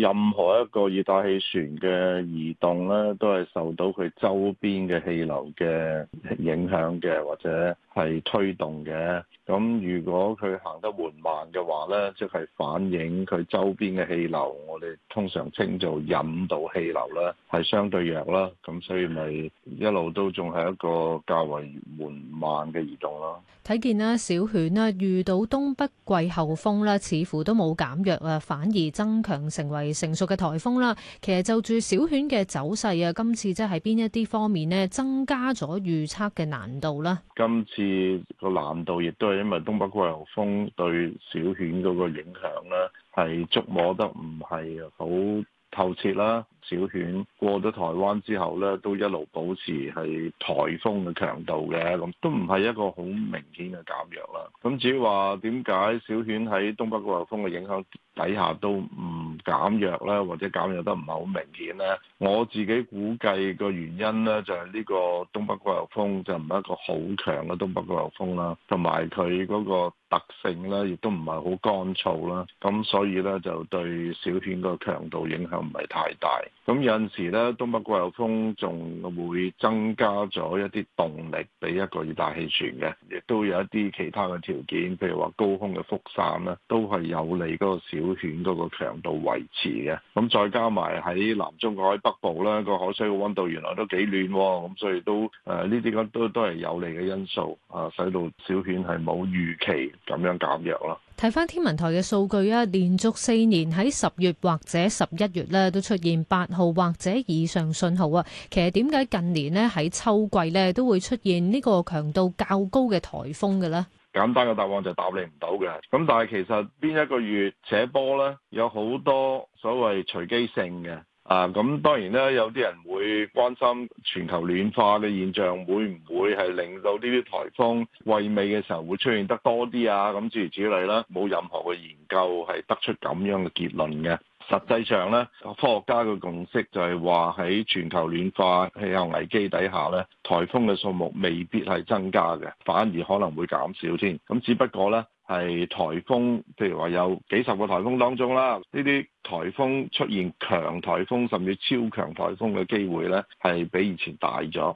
任何一個熱帶氣旋嘅移動咧，都係受到佢周邊嘅氣流嘅影響嘅，或者係推動嘅。咁如果佢行得緩慢嘅話咧，即係反映佢周邊嘅氣流，我哋通常稱做引導氣流啦，係相對弱啦。咁所以咪一路都仲係一個較為緩慢嘅移動咯。睇見咧，小犬咧遇到東北季候風咧，似乎都冇減弱啊，反而增強成為成熟嘅颱風啦，其實就住小犬嘅走勢啊，今次即係邊一啲方面咧，增加咗預測嘅難度啦。今次個難度亦都係因為東北季候風對小犬嗰個影響咧，係捉摸得唔係好透徹啦。小犬過咗台灣之後咧，都一路保持係颱風嘅強度嘅，咁都唔係一個好明顯嘅減弱啦。咁至於話點解小犬喺東北季候風嘅影響底下都唔減弱啦，或者減弱得唔係好明顯啦。我自己估計個原因咧，就係呢個東北季候風就唔係一個好強嘅東北季候風啦，同埋佢嗰個。特性啦，亦都唔係好乾燥啦，咁所以咧就對小犬個強度影響唔係太大。咁有陣時咧，東北季候風仲會增加咗一啲動力俾一個熱帶氣旋嘅，亦都有一啲其他嘅條件，譬如話高空嘅輻散啦，都係有利嗰個小犬嗰個強度維持嘅。咁再加埋喺南中國海北部咧，那個海水嘅溫度原來都幾暖，咁所以都誒呢啲咁都都係有利嘅因素，啊，使到小犬係冇預期。咁樣減弱啦。睇翻天文台嘅數據啊，連續四年喺十月或者十一月咧都出現八號或者以上信號啊。其實點解近年咧喺秋季咧都會出現呢個強度較高嘅颱風嘅咧？簡單嘅答案就答你唔到嘅。咁但係其實邊一個月扯波咧，有好多所謂隨機性嘅。啊，咁當然咧，有啲人會關心全球暖化嘅現象會唔會係令到呢啲颱風餵美嘅時候會出現得多啲啊？咁，諸如此類啦，冇任何嘅研究係得出咁樣嘅結論嘅。實際上咧，科學家嘅共識就係話喺全球暖化氣候危機底下咧，颱風嘅數目未必係增加嘅，反而可能會減少先。咁只不過咧。係颱風，譬如話有幾十個颱風當中啦，呢啲颱風出現強颱風甚至超強颱風嘅機會呢，係比以前大咗。